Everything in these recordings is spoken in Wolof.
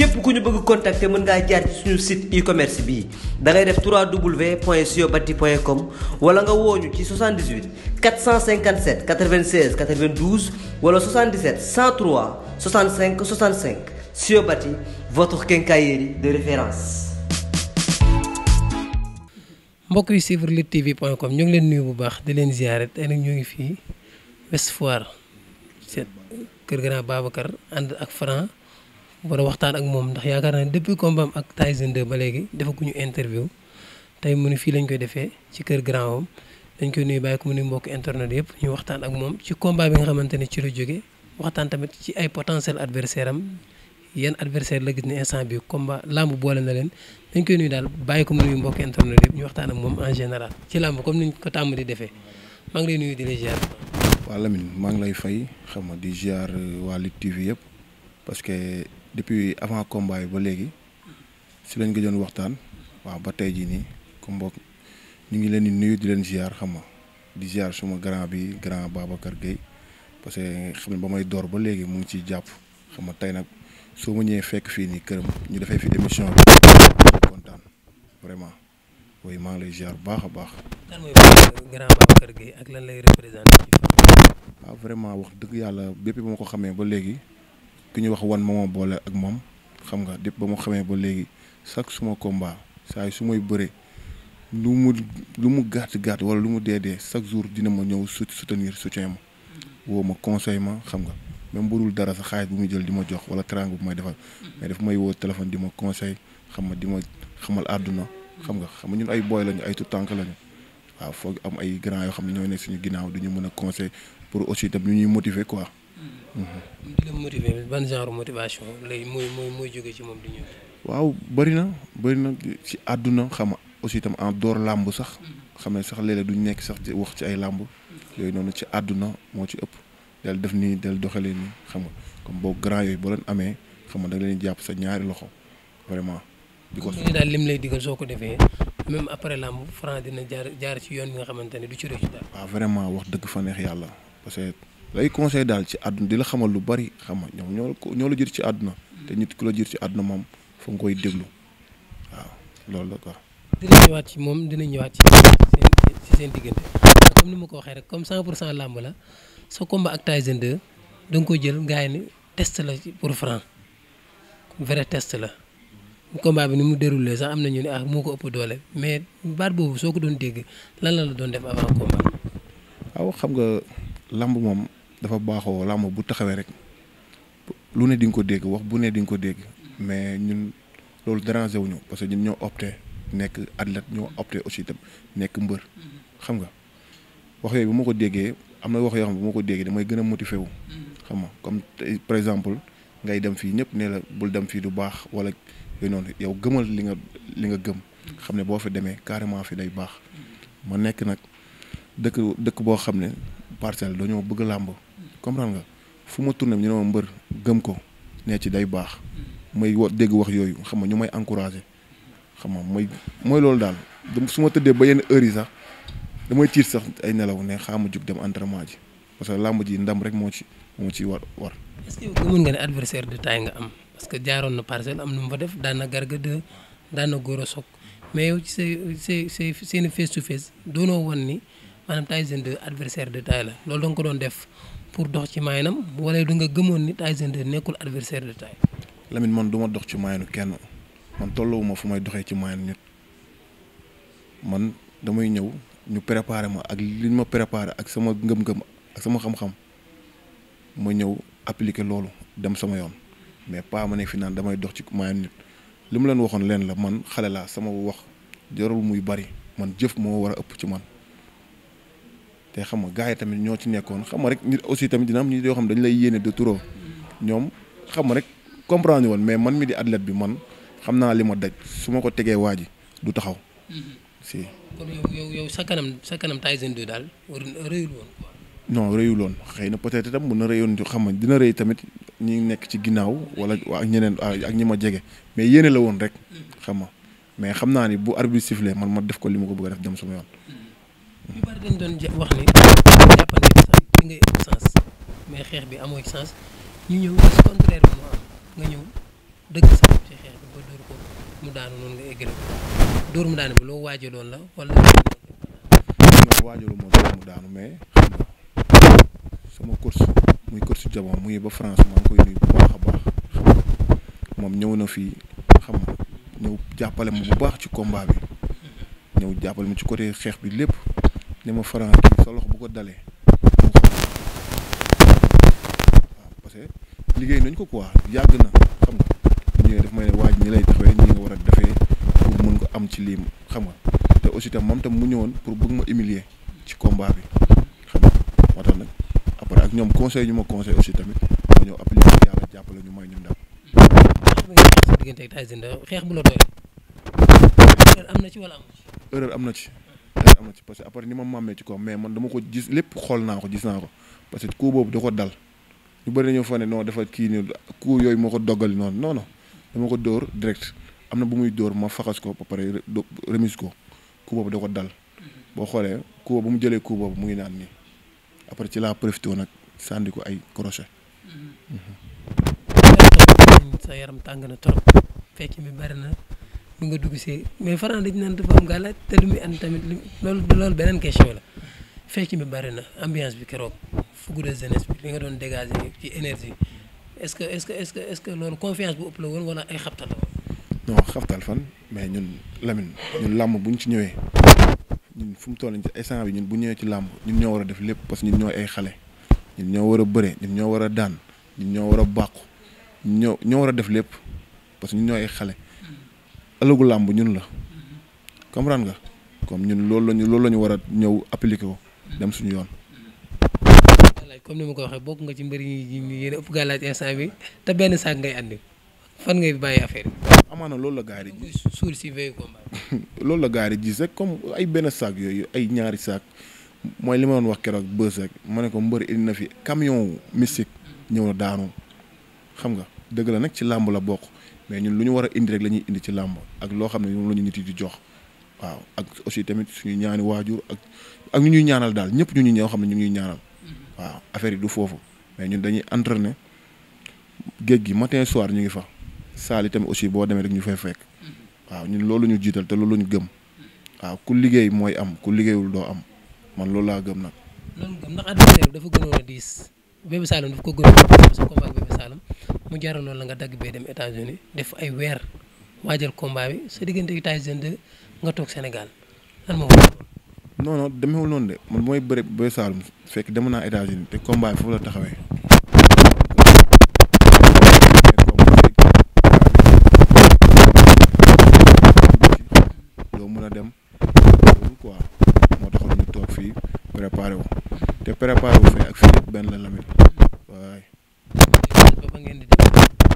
képp ku ñu bëgg contacter mën ngaa jaar ci suñu site e-commerce bii da ngay def www.siobati.com wala nga wooñu ci 78 457 96 92 wala 77 103 65 65 Siobati votre quincaillerie de référence. mbokk yi suivre Lutte TV point com ñu ngi leen nuyu bu baax di leen ziare tey nag ñu ngi fii West Foire seet kër Grand Babacar ànd ak Franc war a waxtaan ak moom ndax yaakaar na ne depuis combat am ak Tyson 2 ba léegi ñu interview tey mu ne fii lañ koy defee ci kër grand am dañ koy nuyu bàyyi ko mu ne mbokk internet yëpp ñu waxtaan ak moom ci combat bi nga xamante ne ci la waxtaan tamit ci ay potentiel adversaire am yan adversaire la gis ne instant bi combat làmb boole na leen dañ koy nuyu daal bàyyi ko mbokk internet yëpp ñu waxtaan ak moom en général ci làmb comme niñ ko tàmm di defee maa ngi lay nuyu di la ziar. waa Lamine maa ngi lay fay xam ma di ziar waa Lutte TV yëpp parce que. depuis avant combat ba léegi si lañ ko doon waxtaan waaw ba tey jii nii comme mbokk ñu ngi leen di nuyu di leen ziar xam nga di ziar suma grand bi grand kër Gueye parce que xam ne ba may door ba léegi mu ngi ciy jàpp xama nga tey nag soo ma ñëwee fekk fii nii këram ñu defee fi émission bi kontaan vraiment oui maa lay ziar bu baax a baax. lan ak lan lay représenté ci waaw ah, vraiment wax dëgg yàlla bépp ba ma ko xamee ba léegi. ki ñu wax wan ma moom boole ak moom xam nga dépp ba mu xamee ba léegi chaque suma combat saa yi su may bëree lu mu mu gàtt gàtt wala lu mu dee dee chaque jour dina ma ñëw su soutenir soutien ma woo ma conseil ma xam nga même bu dul dara sa xaalis bu muy jël di ma jox wala trang bu may defal mais daf may woo téléphone di ma conseil xam nga di ma xamal àdduna xam nga xam nga ñun ay booy lañu ay tout tànk lañu waaw foog am ay grand yoo xam ne ñoo nekk suñu ginnaaw du mën a conseil pour aussi tam ñu ñuy motiver quoi. di la motiver ban genre motivation lay mooy mooy mooy jóge ci moom di ñëw. waaw bëri na bëri na ci àdduna xam aussi itam en dehors làmb sax. xam sax léeg-léeg nekk sax ci wax ci ay làmb. yooyu noonu ci àdduna moo ci ëpp. del def nii del doxalee nii xam nga comme boo grand yooyu boo leen amee xam nga da leen jàpp sa ñaari loxo vraiment. di ko daal lim lay digal soo ko defee même après làmb Franc dina jaar jaar ci yoon bi nga xamante ne du ci résultat. waaw vraiment wax dëgg fa neex yàlla parce ay conseil daal ci àdduna di la xamal lu bari xam nga ñoom ñoo ko ñoo la jër ci àdduna te nit ku la jër ci àdduna moom fa nga koy déglu waaw loolu la ko dina ñëwaat ci moom dina ñëwaat ci seen ci diggante comme ni ma ko waxee rek comme 100 pour cent làmb la sa combat ak Tyson 2 da nga ko jël gars ni test la pour Franc vrai test la. combat bi ni mu déroulé sax am na ñu ne ah moo ko ëpp doole mais baat boobu soo ko doon dégg lan la la doon def avant combat. waaw xam nga lamb moom. dafa baaxoo làmb bu taxawee rek lu ne di ko dégg wax bu ne di ko dégg mais ñun loolu déranger wuñu parce que ñun ñoo opté nekk athlète ñoo opté aussi tam nekk mbër xam nga wax yooyu bu ma ko déggee am na wax yoo bu ma ko déggee damay gën a motivé wu. xam nga comme par exemple ngay dem fii ñëpp ne la bul dem fii du baax wala yooyu noonu yow gëmal li nga li nga gëm. xam ne boo fi demee carrément fi day baax. ma nekk nag dëkk dëkk boo xam ne parcelle dañoo bëgg làmb comprendre nga fu ma tourné ñu ne ma mbër gëm ko nee ci day baax may wo dégg wax yooyu xam nga ñu may encouragé xam nga mooy mooy loolu daal su ma tëddee ba yenn heures yi sax damay tiit sax ay nelaw ne xaaral ma jug dem entraînement ji parce que làmb ji ndam rek moo ci moo ci war war. est-ce que gëmoon nga ne adversaire de taille nga am parce que jaaroon na parcelle am nu mu fa def daan na garga de daan na góor a soog mais yow ci say say seen i face to face doonoo woon ni maanaam Tyson 2 adversaire de taille la loolu da ko doon def. pour dox ci maayinam wala da nga gëmoon ni Tyson 2 nekkul adversaire de taille. Lamine man duma dox ci maayinu kenn man tolluwuma fu may doxee ci maayin nit man damay ñëw ñu préparé ma ak li ma préparé ak sama ngëm-ngëm ak sama xam-xam ma ñëw appliquer loolu dem sama yoon mais pas ma ne fi naan damay dox ci maayin nit li mu leen waxoon leen la man xale laa sama wax jarul muy bari man jëf moo war a ëpp ci man. te xam nga gars yi tamit ñoo ci nekkoon xam nga rek nit aussi tamit dina am nit yoo xam dañu lay yéene de trop ñoom xam ma rek comprendre woon mais man mi di athlète bi man xam naa li ma daj su ma ko tegee waa ji du taxaw. Mm-hmm. si. kon yow yow sa kanam daal war rëyul woon quoi. non xëy na peut-être itam mun na rëyoon xam nga dina rey tamit ñi nekk ci ginnaaw wala ak ñeneen ak ñi ma jege mais yéene la woon rek. Mm-hmm. xam ma mais xam naa ni bu arbitre sifflé man ma def ko li ma ko bëgg a def dem sama yoon. Mm-hmm. ñu bari dañ doon wax ni jàppante bi sax di mais xeex bi amoo ci ñu ñëw si contraire nga ñëw dëgg sa bopp ci xeex bi ba dóor ko mu daanu noonu nga eggale ko ma dóor mu daanu mais xam nga sama course muy course jamono muy ba France maa ngi koy nuyu bu baax baax xam nga moom ñëw na fii xam nga ñëw jàppale ma bu baax ci komba bi ñëw jàppale ma ci côté xeex bi lépp. ne ma Franc kii loxo bu ko dalee waaw parce que liggéey nañ ko quoi yàgg na xam nga ñëwee daf may ne waaj ñi lay taxawee ñi nga war a defee pour mun ko am ci lii xam nga te aussi tam moom tam mu ñëwoon pour bëgg ma humilier ci combat bi xam nga moo tax nag après ak ñoom conseil ñu ma conseil aussi tamit ma ñëw appliqué yàlla jàppale ñu may ñu ndam. xeex mu la doy. erreur na ci wala ci. erreur am na ci. dara amu ci que après ni ma màmmee ci ko mais man dama ko gis lépp xool naa ko gis naa ko parce que coup boobu da ko dal ñu bëri dañoo fa ne non dafa kii nii coup yooyu moo ko doggali noonu non dama ko dóor direct am na bu muy dóor ma faxas ko ba pare remise ko coup boobu da ko dal boo xoolee coup bu mu jëlee coup boobu mu ngi naan nii après ci laa profité nag sànni ko ay crochet. Mm-hmm. Mm-hmm. yaram tàng na trop bi nga dugg si mais Franc dañ naan dafa am gàllaaj te lu muy ànd tamit loolu loolu beneen question la fecc bi bari na ambiance bi keroog fugu de jeunesse bi li nga doon dégager ci énergie est-ce que est-ce que est-ce que ce que loolu confiance bu ëpp la woon wala ay xabtal la woon. non xabtal fan mais ñun Lamine ñun làmb ñu ci ñëwee ñun fu mu toll nii instant bi ñun bu ñëwee ci làmb ñun ñoo war a def lépp parce que ñun ñoo ay xale ñun ñoo war a bëre ñun ñoo war a daan ñun ñoo war a bàqu ñoo ñoo war a def lépp parce que ñun ñoo ay xale. ëllëgu làmb ñun la comprendre nga comme ñun loolu lañu loolu la ñu war a ñëw appliquer ko dem suñu yoon. comme ni ma ko waxee bokk nga ci mbir yi ñu yéen ëpp gàllaaj instant bi te benn saak ngay andi fan bàyyi affaire bi. amaana loolu la gaari yi si veille combat. loolu la gaari yi gis rek comme ay benn saak yooyu ay ñaari saak mooy li ma doon wax keroog bës rek ma ne ko mbër indi na fi camion mystique ñëw na daanu xam nga dëgg la nag ci làmb la bokk. mais ñun lu ñu war a indi rek la ñuy indi ci làmb ak loo xam ne moom la ñu nit yi di jox waaw ak aussi tamit suñu ñaani waajur ak ak ñu ñuy ñaanal daal ñëpp ñu ñu ñoo xam ne ñu ngi ñuy ñaanal mm-hmm. waaw affaire yi du foofu mais ñun dañuy entraîner géej gi matin soir ñu ngi fa saal yi tamit aussi boo demee rek ñu fay fekk mm-hmm. waaw ñun loolu ñu jiital te loolu ñu gëm mm-hmm. waaw ku liggéey mooy am ku liggéeyul doo am man loolu laa gëm nag. Bébé Saloum daf ko gën sa combat ak Bébé mu jaroon noonu la nga dagg bee dem États-Unis def ay weer waajal combat bi sa diggante États-Unis de nga toog bi foofu la taxawee. doo mën a dem loolu quoi moo taxoon ñu toog fii préparé wu te préparé wu fii ak fii. lépp benn la Lamine waaye.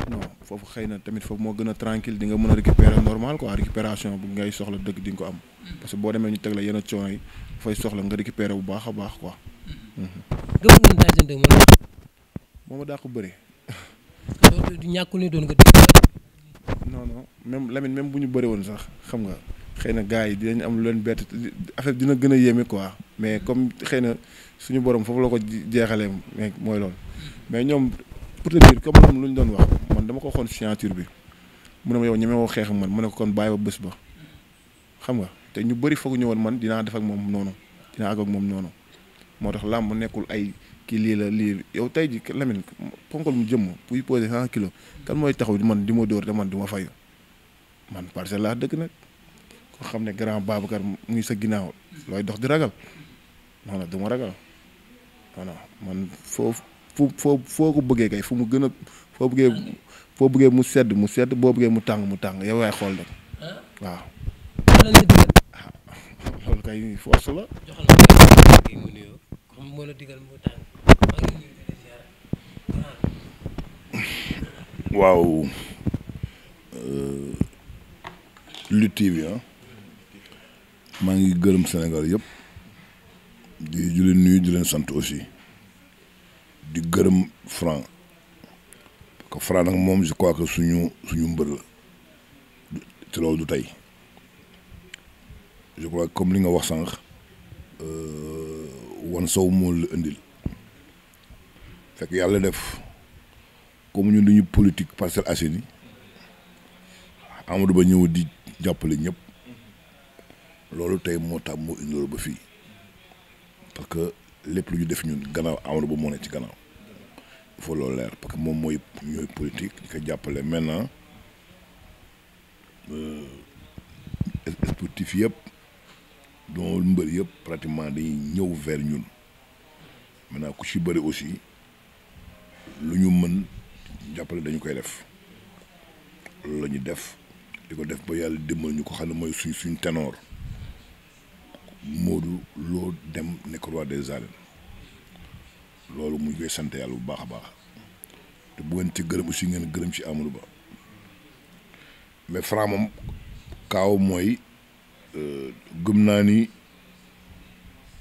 non foofu xëy na tamit foofu moo gën a tranquille di nga mën a récupérer normal quoi récupération bu ngay soxla dëgg di ko am. Mm. parce boo demee ñu teg la yenn coono yi fay soxla nga récupérer bu baax a baax quoi. Mm. Mm-hmm. moom. moo daa ko bëri. loolu du ñàkkul ne doon nga dégg. non non même Lamine bu ñu bëri woon sax xam nga. xëy na gars yi dinañ am lu leen bett affaire dina gën a yéeme quoi mais comme xëy na suñu borom foofu la ko jeexalee mooy lool mais ñoom pour te dire comme moom lu ñu doon wax man dama ko waxoon signature bi mu ne ma yow ñemewoo xeex man mu ne ko kon bàyyi ba bés ba xam nga te ñu bëri foog ñu man dinaa def ak moom noonu dinaa àgg ak moom noonu moo tax làmb nekkul ay kii lii la lii yow tey ji Lamine ponkal mu jëmm puy posé cent kilo kan mooy taxaw man di ma dóor te man du ma fayu man parcelle laa dëkk nag xam ne grand Babacar mu ngi sa ginnaaw looy dox di ragal non non du ragal man foo foo foo ko bëggee kay fu mu gën a foo bëggee foo bëggee mu sedd mu sedd boo bëggee mu tàng mu tàng yow yaay xool waaw. Ah, loolu kay force maa ngi gërëm Sénégal yëpp di di leen nuyu di leen sant aussi di gërëm Franc parce Franc nag moom je crois que suñu suñu mbër la te loolu du tey je crois comme li nga wax sànq euh, wan sow moo la indil fekk yàlla def comme ñun dañuy politique Parcelles Assainies Amadou Ba ñëw di jàppale ñëpp. loolu tey moo tax moo indiloo ba fii parce que lépp lu ñu def ñun gannaaw Amadou Ba moo ne ci gannaaw il loolu leer parce que moom mooy ñooy politique di ko jàppale maintenant euh, sportif yëpp doo mbër yëpp pratiquement dañuy ñëw vers ñun maintenant ku ci bëri aussi lu ñu mën jàppale dañu koy def loolu la def di ko def ba yàlla dimbal ñu ko xam ne mooy suñ suñ tenoor Modou Lo dem nekk roi des arènes loolu mu ngi koy sant yàlla bu baax a baax te bu ngeen ci gërëm aussi ngeen gërëm ci amul Ba mais Franc moom kaaw mooy euh, gëm naa ni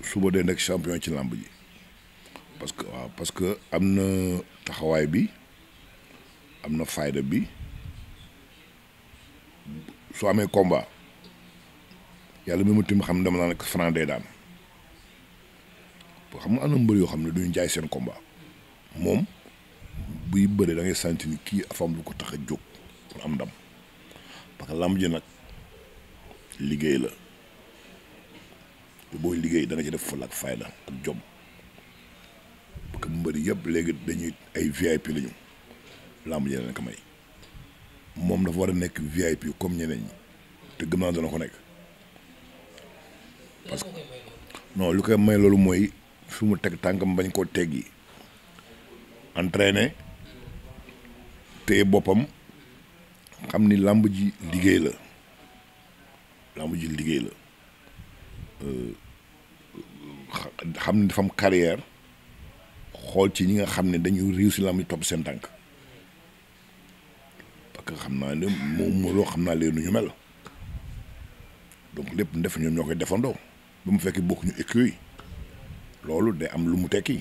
suba dee nekk champion ci làmb ji parce que waaw parce que am na taxawaay bi am na fayda bi su amee combat yàlla mi ma tim xam dama naan Franc day daan boo xam nga am na mbër yoo xam ne duñu jaay seen combat moom buy bëri da ngay sentir kii afam lu ko tax a jóg pour am ndam parce que làmb ji nag liggéey la te booy liggéey dana ci def fulla ak fayda ak jom parce que mu mbëri yëpp léegi dañuy ay VIP lañu làmb ji leen ko may moom dafa war a nekk VIP comme ñeneen ñi te gëm naa dana ko nekk. parce que non lu koy may loolu mooy fi mu teg tànkam bañ koo teggi entraîné te boppam xam ni làmb ji liggéey la làmb ji liggéey la euh, xam ni dafa am xool ci ñi nga xam ne dañuy réussir làmb ji topp seen tànk parce que xam naa ne moom loo xam naa leen nu ñu mel donc lépp ndef ñoom ñoo koy defandoo ba mu fekk bokkuñu écurie loolu de am lu mu tekki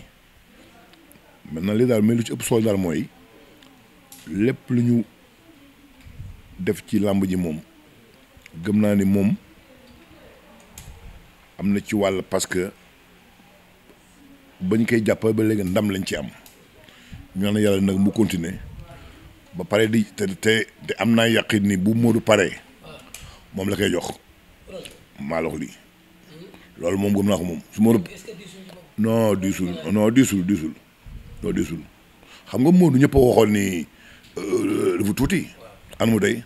na li daal mais lu ci ëpp solo daal mooy lépp lu ñu def ci làmb ji moom gëm naa ni moom am na ci wàll parce que bañ koy jàppale ba léegi ndam lañ ci am ñu naan yàlla nag mu continuer ba pare di te te am naa yàq ni bu Modou paree moom la koy jox maa li loolu moom gëm naa ko moom su ma. non diisul non diisul diisul non diisul xam nga Modou ñëpp a waxoon ni euh, dafa tuuti. an mu day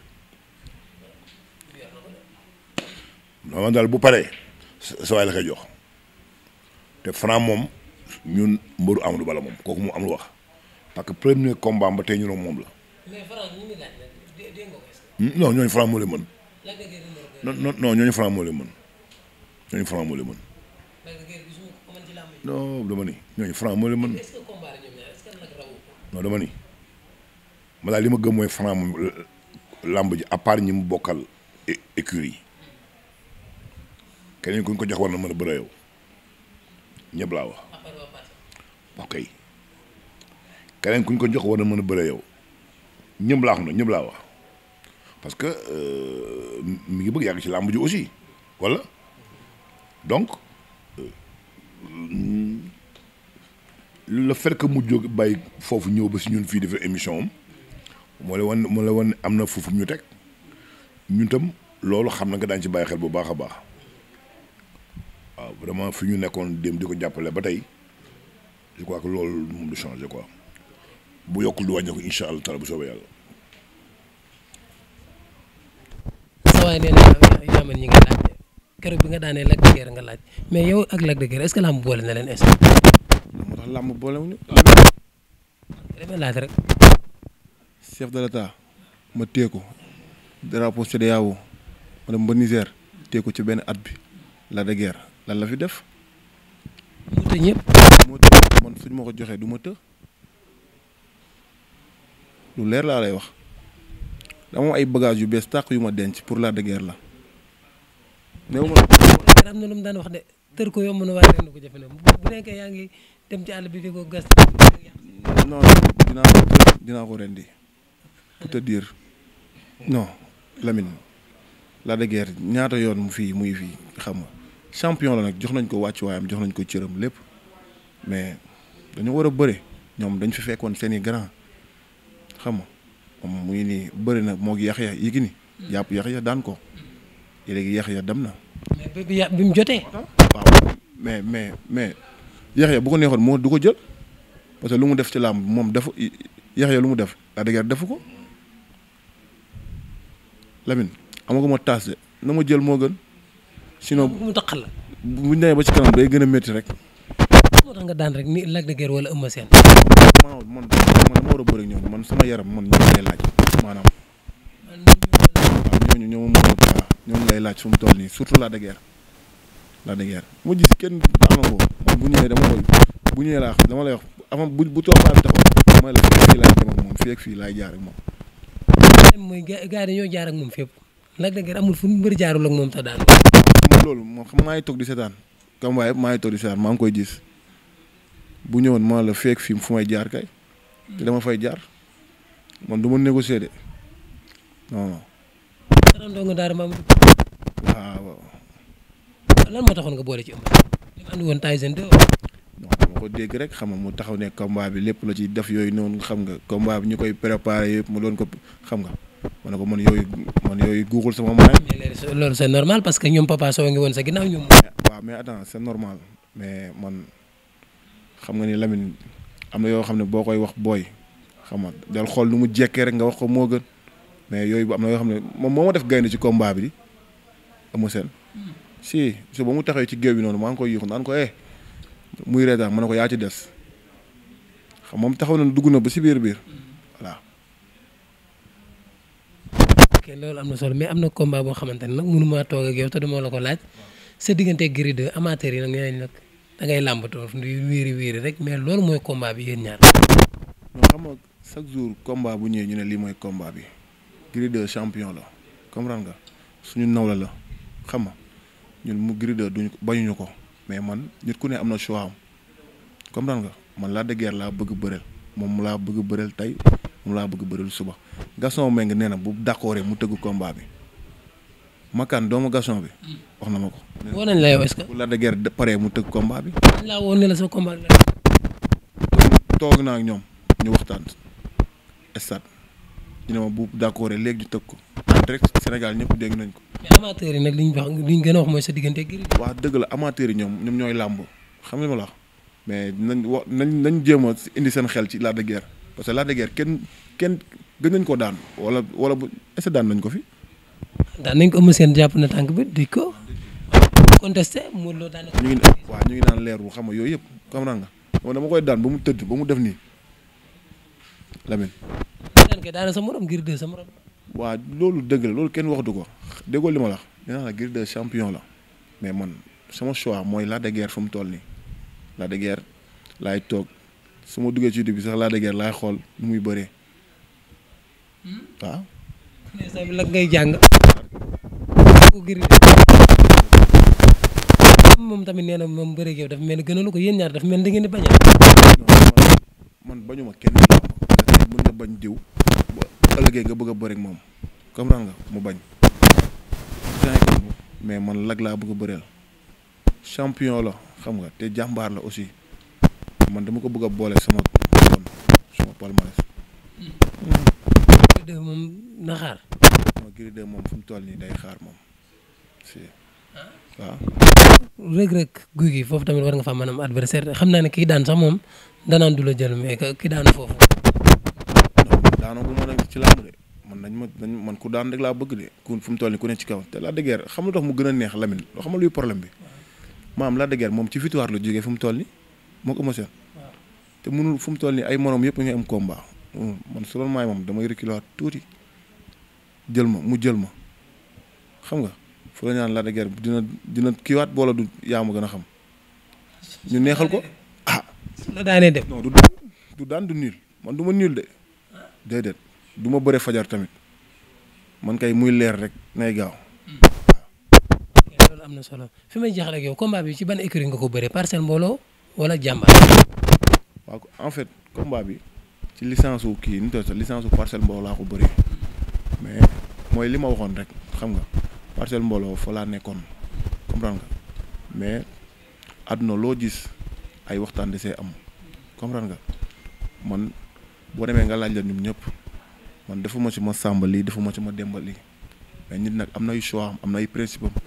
non daal bu paree sa waay jox te Franc moom ñun am lu Bala moom kooku mu am lu wax parce que premier combat ba tey ñu ne moom la. mais Franc ñu ngi hmm? non ñooñu Franc moo leen moo leen mën. ñooñu franc moo leen mën. non dama ni ñooñu franc moo mën. non dama ni ma daal li ma gëm mooy franc moom làmb ji à part ñi mu bokkal écurie yi keneen ku ñu ko jox war na mën a bëre yow ñëpp laa wax. keneen ku ko jox war na mën a bëre yow ñëpp laa xam ñëpp laa wax parce que euh, mu ngi bëgg yàgg ci làmb ji aussi walla donc euh, le fait que mu jóg bàyyi foofu ñëw ba si ñun fii defee émission am moo la wan moo la wan am na foofu ñu teg ñun tam loolu xam na nga daan ci bàyyi xel bu baax a baax waaw vraiment fi ñu nekkoon dem di ko jàppale ba tey je ko que loolu moom du changé quoi bu yokkul du wàññeeku incha allah taala bu soobee yàlla. waaye keroog bi nga daanee Lac nga laaj mais yow ak Lac de Guiers est-ce que làmb boole na leen est-ce de l'État ma téye ko ko ci benn at bi Lac lan la fi def. mu tëj joxee du ma të. lu leer laa lay wax dama am ay bagages yu bees tàq yu ma denc pour Lac de la. néew ma. am daan wax de tër ko yomb na waaye ren ko jafe na bu nekkee yaa ngi dem bi fi ko gas. non dinaa ko dinaa ko rendi la deger ñaata yoon mu fii muy fii xam nga champion la nag jox nañ ko wàcc wàccuwaayam jox nañ ko cëram lépp mais dañu war a ñoom dañ fi fekkoon seen i grand xam nga moom mu ngi nii bëri na moo gi yax ya yigi ni mm. jàpp yax ya daan ko léegi yéex ya dem na. mais bi mu jotee. waaw mais mais mais yéex ya bu ko neexoon moo du ko jël parce que lu mu def ci làmb moom dafa yéex ya lu mu def la dëgg defu ko Lamine amaguma taas de na ma jël moo gën. sinon bu mu taxal la. bu ñu ba ci kanam day gën a métti rek. moo tax nga daan rek ni Lac de Guiers wala Eumeu Sène. man man man dama war a bëri ñoom man sama yaram man ñoom lay laaj. laaj fu toll nii surtout Lac de Guiers Lac de ma gis kenn daanaka ko moom bu ñëwee dama koy bu ñëwee laa dama lay wax avant bu bu tooxaa dama lay wax fii laay dem ak moom fii ak fii laay jaar ak moom. mooy gars yi dañoo jaar ak moom fépp Lac de Guiers amul fu mu bëri jaarul ak moom sax daal. moom loolu moom xam maa ngi di seetaan comme waaye maa ngi di seetaan maa ngi koy gis bu ñëwoon ma la fekk fii fu may jaar kay dama fay jaar man du ma négocier de non Ah, waaw. lan moo taxoon nga boole ci ëmb li woon Tyson 2. ko dégg rek xam nga mu taxaw ne combat bi lépp la ci def yooyu noonu xam nga combat bi ñu koy préparé mu doon ko xam nga ma ko man yooyu man sama moyen. mais loolu c'est parce que ñoom papa soo ngi woon sa ginnaaw ñoom. Ah, waaw mais attends mais man xam nga ni Lamine am na yoo xam ne boo koy wax booy xam na dal xool nu mu jekkee rek nga wax ko moo gën mais yooyu am na yoo xam ne moom moo def gaynde ci combat bi. Eumeu Sène si su ba mu taxee ci géew bi noonu maa ngi koy yuux naan ko eh muy reetaan ma ne ko yaa ci des xam moom taxaw na dugg na ba si biir biir voilà. ok loolu am na solo mais am na combat boo xamante ne nag mënumaa toog ak yow te dama la ko laaj sa diggante Gris 2 amateur yi nag nee nañ nag da ngay làmbatoo di wiiri wiiri rek mais loolu mooy combat bi yéen ñaar. chaque jour combat bu ñëwee ñu ne lii mooy combat bi Gris 2 champion la comprendre nga suñu nawla la. xam nga ñun mu Gris 2 duñ bañuñu ko mais man nit ku ne am na choix am comprendre nga man Lac de laa bëgg bëreel moom laa bëgg bëreel tey moom laa bëgg bëreel suba Gaston Mbengue nee na bu d'accordé mu tëgg combat bi Makan doomu gason bi wax na ma ko. woo nañ la yow est-ce que. bu Lac de mu tëgg combat bi. laa woon ne la toog naa ak ñoom ñu waxtaan stade. dina ma buub d'accord léegi ñu tëg ko en direct Sénégal ñëpp dégg nañ ko. mais amateurs li ñu wax wax mooy sa diggante ak Gris. dëgg la amateurs ñoom ñoom ñooy làmb xam nga ma la mais nañ wax nañ nañ jéem indi seen xel ci Lac de parce que Lac de Guiers kenn gën nañ koo daan wala wala bu est daan nañ ko fi. daan nañ ko ëmm seen jàpp na tànk bi di ko contesté mu loo daan. ñu ngi waaw ñu ngi naan leer wu xam nga yooyu yëpp comprendre nga dama koy daan ba mu tëdd ba mu def nii Lamine Gueye daana sa morom Gris 2 sa morom. waaw loolu dëgg la loolu kenn waxatu ko déggoo li ma la wax la Gris 2 champion la mais man sama choix mooy Lac de Guiers fu mu toll nii Lac de Guiers toog su ma duggee ci YouTube bi de Guiers laay xool muy bëree hmm? waaw. ngay jàng. moom tamit nee na moom bëreeg yow dafa mel ni gënalu ko yéen ñaar dafa mel ni da di bañ man bañuma kenn mën nga bañ diw bu ëllëgee nga bëgg a bëri moom comprendre nga mu bañ. mais man lag laa bëgg a bëreel champion la xam nga te jàmbaar la aussi man dama ko bëgg boole sama kon moom na xaar. non Gris moom fu mu toll nii day xaar moom si waaw. Ah. Reug Reug Gouye Gui foofu tamit war nga fa mën am adversaire xam naa ne kii daan sax moom danaan du la jël mais kii daan foofu. ci man nañ ma nañ man ku daan rek laa bëgg de ku fu mu toll ni ku ne ci kaw te Lac de Guiers xam lu tax mu gën a neex Lamine loo xam luy problème bi maam Lac de Guiers moom ci victoire la jógee fu mu toll ni moo ko émotion te mënul fu mu toll nii ay moroom yëpp ñu am combat man su doon maay dama damay reculer tuuti jël ma mu jël ma xam nga fu la ñaan Lac de Guiers dina dina kiiwaat boola du yaa ma gën a xam ñu neexal ko ah. su la daanee def non du du du niil man du ma niil de ah. déedéet. du ma bëre fajar tamit man kay muy leer rek nay gaaw. am na solo fi may jaaxle ak yow combat bi ci ban écurie nga ko bëree parcelle mbooloo wala jàmbaar. en fait combat bi ci licence wu kii nu sax licence wu parcelle mbooloo laa ko bëree mais mooy li ma waxoon rek xam nga parcelle mbooloo fa laa nekkoon comprendre nga mais àdduna loo gis ay waxtaan de see am comprendre nga man boo demee nga laaj la ñun ñëpp. man defuma ci ma sàmba lii defuma ci ma demba lii mais nit nag am na ay choix am na ay principe comme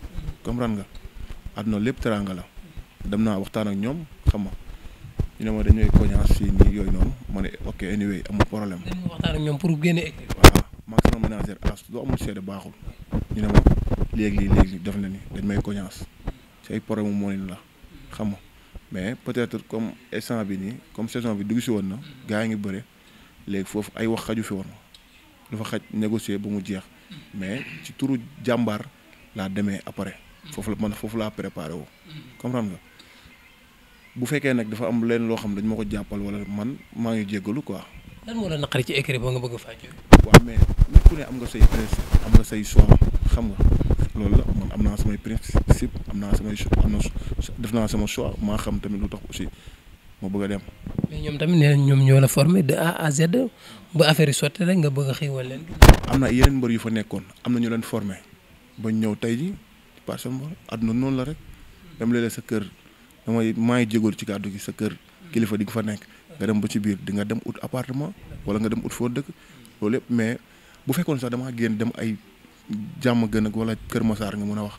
comprendre nga àdduna lépp teraanga la dem naa waxtaan ak ñoom xam nga ñu ne ma dañuy cognance fii nii yooyu noonu ma ne ok anyway amul problème. dem waxtaan génne équipe. waaw man sama ménagère as doo amul seede baaxul ñu ne ma léegi lii léegi def na ni dañ may cognance ci ay problème moo leen la xam nga mais peut-être comme instant bi nii comme saison bi dugg si woon na gaa ngi bëre léegi foofu ay wax xaju fi woon. dafa xaj négocier ba mu jeex mais ci turu jàmbaar laa demee après foofu la man foofu laa préparé woo comprendre nga bu fekkee nag dafa am leen loo xam dañ ma ko jàppal wala man maa ngi jéggalu quoi. lan moo la ci écrit ba nga bëgg a fàcce. mais ne am nga say principe am nga say choix xam nga loolu la man am naa samay principe am naa samay am na def naa sama choix maa xam tamit lu tax aussi ma bëgg a dem. mais ñoom tamit nee ñoom ñoo la formé de A à ba affaire yi sotte rek nga bëgg a xiiwal leen. am na yeneen mbër yu fa nekkoon am na ñu leen formé ba ñëw tey ji parce que àdduna noonu la rek dem léeg-léeg sa kër damay maay jégalu ci kàddu gi sa kër kilifa di nga fa nekk nga dem ba ci biir di nga dem ut appartement wala nga dem ut foo dëkk loolu yëpp mais bu fekkoon sax damaa génn dem ay jàmm gën ak wala Kër Masaar nga mën a wax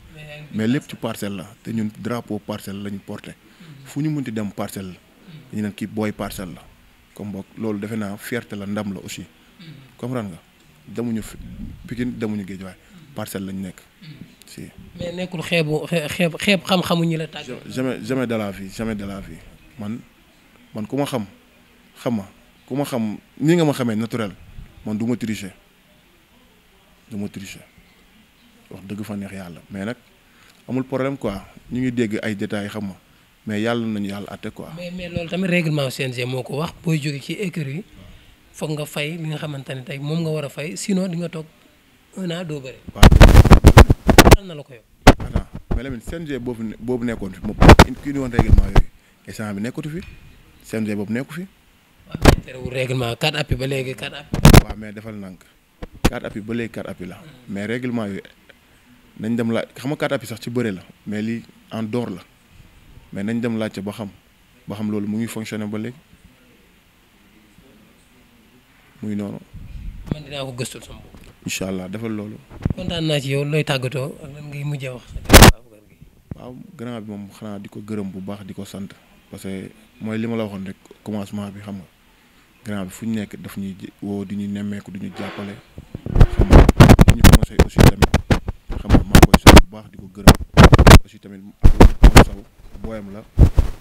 mais lépp ci parcelle la te ñun drapeau parcelle la ñu porté fu ñu mënti dem parcelle la. dañu ne kii booy parcelle la comme mbokk loolu defe naa fierté la ndam la aussi comme mm-hmm. comprendre nga demuñu Pikine géej Guédiawaye mm-hmm. parcelle lañ nekk mm-hmm. si. mais nekkul xeebu xeeb xeeb xam-xamu ñi la tàgg. jamais jamais de la vie jamais de la vie man man ku ma xam xam ma ku ma xam nii nga ma xamee naturel man du ma tricher du tricher wax dëgg fa neex yàlla mais nag amul problème quoi ñu ngi dégg ay détails xam ma. mais yàlla nañu yàlla àtte quoi. mais mais loolu tamit règlement CNG moo ko wax booy jógee ci écurie yi foog nga fay li nga xamante ne tey moom nga war a fay sinon di nga toog un an doo na la ko yow. attends boobu ne boobu nekkoon fi moom kii ni woon règlement yooyu instant bi nekkatu fi CNG boobu nekku fi. waaw terewul règlement 4 appuis ba léegi 4 appuis. waaw mais defal nank 4 appuis ba léegi 4 appuis la hmm. mais réglement yooyu nañ dem la xam nga 4 sax ci bëre la mais lii en door la. mais nañ dem laajte ba xam ba xam loolu mu ngi fonctionné ba léegi muy noonu. man dinaa ko gëstul sama bopp. allah defal loolu. kontaan naa ci yow looy tàggatoo ak lan ngay mujjee wax. waaw grand bi moom xanaa di ko gërëm bu baax di ko sant parce que mooy li ma la waxoon rek commencement bi xam nga grand bi fu ñu nekk daf ñuy woo di ñu nemmeeku du ñu jàppale xam nga conseil aussi tamit xam nga maa koy sant bu baax di ko gërëm. aussi tamit Abdou Sow booyam la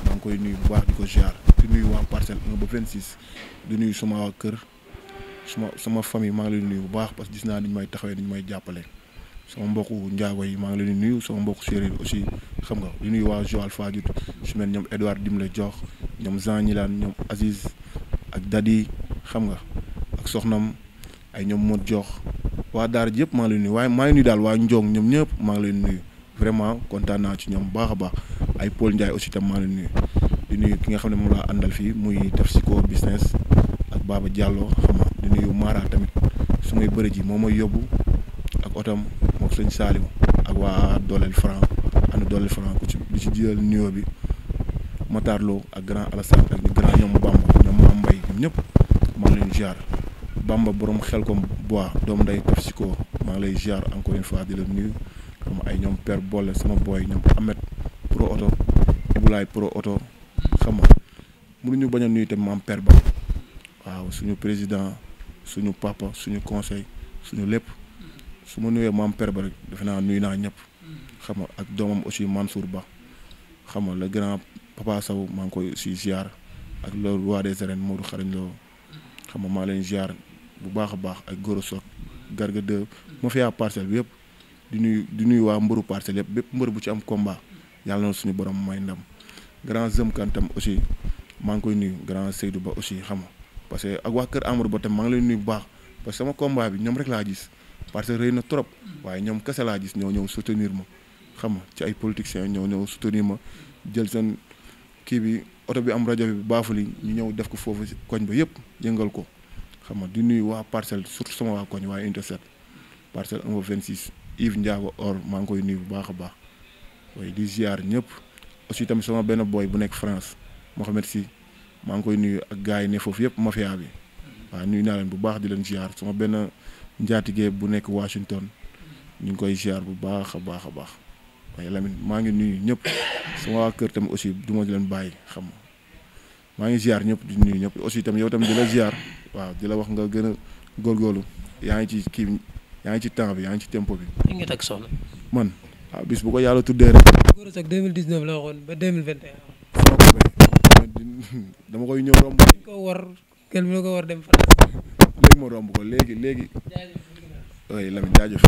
maa koy nuyu bu baax di ko ziar di nuyu waa parcelle 1 ba 26 di nuy sama waa kër sama sama famille maa ngi leen nuyu bu baax parce que gis naa ni may taxawee ni ñu may jàppale sama mbokku njaago yi maa ngi leen nuyu sama mbokku séeréer aussi xam nga di nuyu waa Joal Fadiouth su mel ñoom Edouard Dimle Jox ñoom Jean Ñilaan ñoom Aziz ak Dadi xam nga ak soxnam ay ñoom Modou Jox waa Daara ji yëpp maa ngi leen nuyu waaye maa ngi nuyu daal waa Njong ñoom ñëpp maa ngi leen nuyu. vraiment kontaan naa ci ñoom baax a baax ay Paul Ndiaye aussi tam maa leen nuyu di nuyu ki nga xam ne moom laa àndal fii muy def si ko business ak baaba jàlloo xam nga di nuyu Mara tamit su may bëri ji moom mooy yóbbu ak otam moom sëñ Saliou ak waa dooleel franc ànd dooleel franc ku ci di ci jël nuyoo bi Matar Lo ak grand Alassane ak ni grand ñoom Bamba ñoom Maam Mbaye ñëpp maa ngi leen ziar Bamba borom xel ko bu doom nday taf si ko maa ngi lay ziar encore fois di xam ay ñoom père boole sama booy ñoom Ahmed pro oto lay pour oto xam nga mënuñu bañ a nuyu te maam père ba waaw suñu président suñu papa suñu conseil suñu lépp su ma nuyee maam père ba rek defe naa nuy naa ñëpp xam ma ak doomam aussi Mansour Ba xam nga le grand papa Sow maa ngi koy aussi ziar ak loolu roi des arènes Modou Xarañ Lo xam nga maa leen ziar bu baax a baax ak Goro Sock Garga 2 ma fiyaa parcelle bi yëpp. di nuyu di nuyu waa mbëru parcelle yëpp bépp mbër bu ci am combat yàlla na suñu borom may ndam grand Zem Kantam aussi maa ngi koy nuyu grand Seydou Ba aussi xam nga parce que ak waa kër Amadou Ba tam maa ngi lay nuyu bu baax parce que sama bi ñoom rek laa gis parce que rëy na trop waaye ñoom kese laa gis ñoo ñëw soutenir ma xam nga ci ay politiciens ñoo ñëw soutenir ma jël seen kii bi oto bi am rajo bi baafuli ñu ñëw def ko foofu koñ ba yëpp jëngal ko xam nga di nuy waa parcelle surtout sama waa koñ waaye Intercept parcelle 1 ba 26. Yves Ndiago or maa ngi koy nuyu bu baax a baax waaye di ziar ñëpp aussi tamit sama benn booy bu nekk France moo Mohamed si maa ngi koy nuyu ak gars yi ne foofu yëpp mafia bi waaw nuyu naa leen bu baax di leen ziar sama benn njaatige bu nekk Washington ñu ngi koy ziar bu baax a baax a baax waaye Lamine maa ngi nuyu ñëpp sama waa kër tamit aussi du ma leen bàyyi xam nga maa ngi ziar ñëpp di nuyu ñëpp aussi tamit yow tamit di la ziar waaw di la wax nga gën a góorgóorlu yaa ngi kii yaa ngi ci temps bi yaa ngi ci tempo bi. ñu ngi teg soxla. man ah bis bu ko yàlla tuddee rek. Gora Sock 2019 la waxoon ba 2021. dama koy ñëw romb. dañ ko war kenn mu ko war dem France. léegi ma romb ko léegi léegi. jaajëf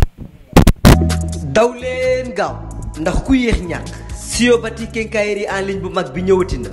Lamine gaaw ndax ku yéex ñàkk. siyobati kenkaayeri en ligne bu mag bi ñëwati na.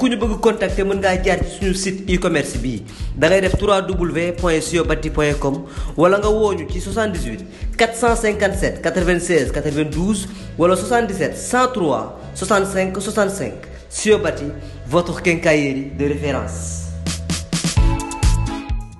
ku ñu bëgg contacter mën ngaa jaar ci suñu site e-commerce bi bii da ngay def www.siobati.com wala nga wooñu ci 78 457 96 92 wala 77 103 65 65 Siobati votre quincaillerie de référence.